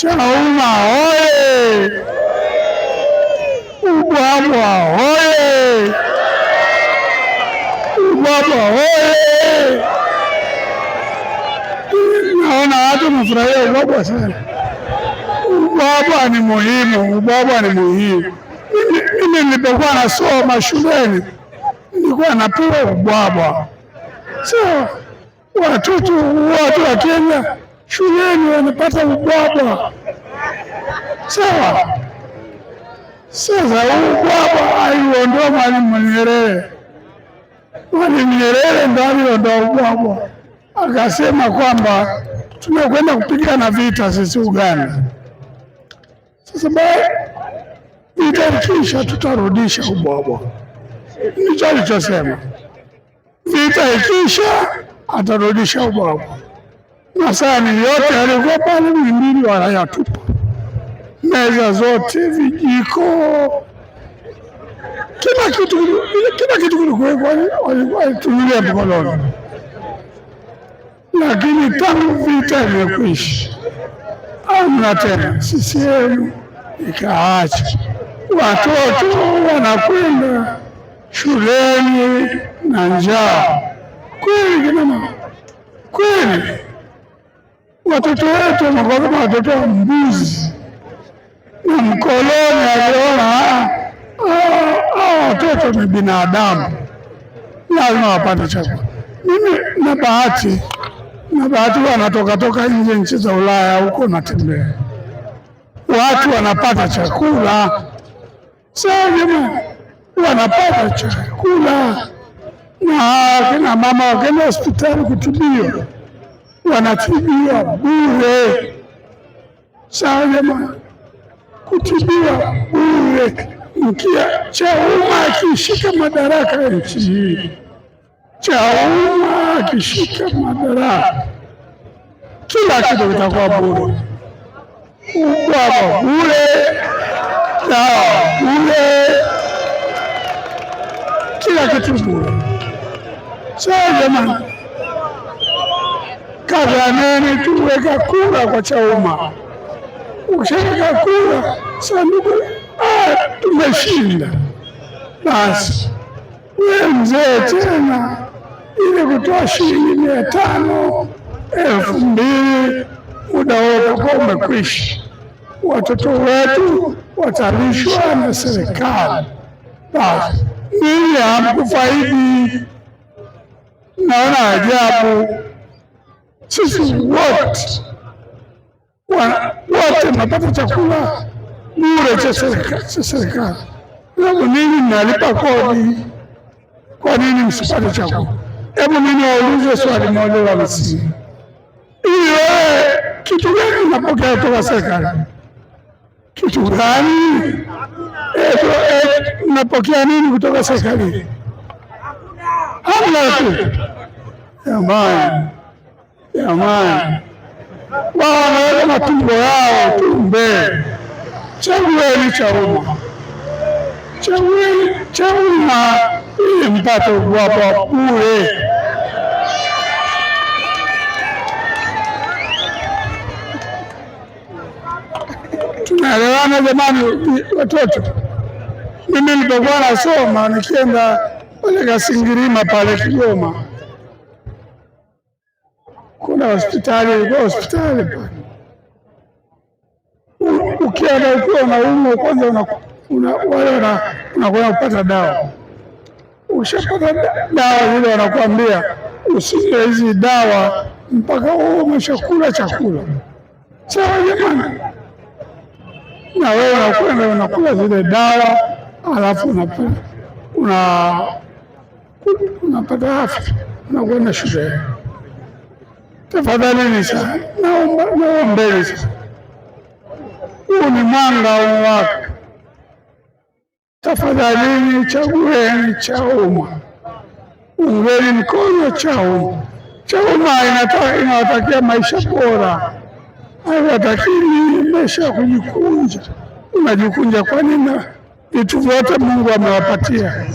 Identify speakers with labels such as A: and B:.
A: Chauma oye! Ubwabwa oye! Ubwabwa oye! Naona watu wamefurahia Ubwabwa sana. Ubwabwa ni muhimu, Ubwabwa ni muhimu. Mimi nilipokuwa nasoma shuleni nilikuwa napewa Ubwabwa, so watoto watu wa Kenya shuleni wanapata ubwabwa. Sawa. Sasa ubwabwa aliondoa Mwalimu Nyerere. Mwalimu Nyerere ndo aliondoa ubwabwa, akasema kwamba tunakwenda kupigana vita sisi Uganda. Sasa baada vita ikiisha tutarudisha ubwabwa. Ndicho alichosema, vita ikiisha atarudisha ubwabwa masani yote yalikuwa pale Muhimbili wanayatupa, meza zote, vijiko, kila kitu, kila kitu kilikuwa walitumilia mkoloni. Lakini tangu vita imekwisha, amna tena CCM ikaacha, watoto wanakwenda shuleni na njaa. Kweli kina mama, kweli watoto wetu wanakuwa kama watoto wa mbuzi, na mkoloni aliona hawa ah, ah, watoto ni binadamu, lazima wapate chakula. Mimi na bahati na bahati huwa natoka toka nje nchi za Ulaya huko natembea, watu wanapata chakula. Sasa wanapata chakula na kina mama wakenda hospitali kutibiwa wanatibiwa bure. Chadema kutibiwa bure. Mkia Chauma akishika madaraka ya nchi hii, Chauma akishika madaraka, kila kitu kitakuwa bure, ubwaba bure, dawa bure, kila kitu bure. Chadema Hadharani tuweka kura kwa Chauma. Ukishaweka kura sanduku ah, tumeshinda, basi we mzee tena ile kutoa shilingi mia tano elfu mbili muda wote kwa umekwisha. Watoto wetu watalishwa na serikali. Basi mimi hamkufaidi, naona ajabu sisi wote wote napata chakula bure cha serikali. Sababu nini? Mnalipa kodi, kwa nini msipate chakula? Hebu mimi waulize swali moja la msingi, ili wewe kitu gani unapokea kutoka serikali? Kitu gani unapokea nini kutoka serikali? Hamna kitu. Jamani. Jamani, wao wanaweka matumbo yao tu mbele. Chagueni CHAUMMA, chagueni CHAUMMA ili mpate kuwapa bure. Tunaelewana jamani, watoto? Mimi nilipokuwa nasoma nikienda pale Kasingirima pale Kigoma kuna hospitali, ilikuwa hospitali pale. Ukienda ukiwa unaumwa, kwanza wale unakwenda kupata dawa, ukishapata dawa zile wanakuambia usile hizi dawa mpaka wewe umeshakula chakula. Sawa jamani, na wewe unakwenda unakula zile dawa, alafu unapata afya, unakwenda shule tafadhalini sana, naomba naombeni sana, huu ni mwanga wake, tafadhalini chagueni Chauma, ungeni mkono Chauma. Chauma inawatakia maisha bora, haiwatakii maisha ya kujikunja. Unajikunja kwa nini? Vitu vyote Mungu amewapatia.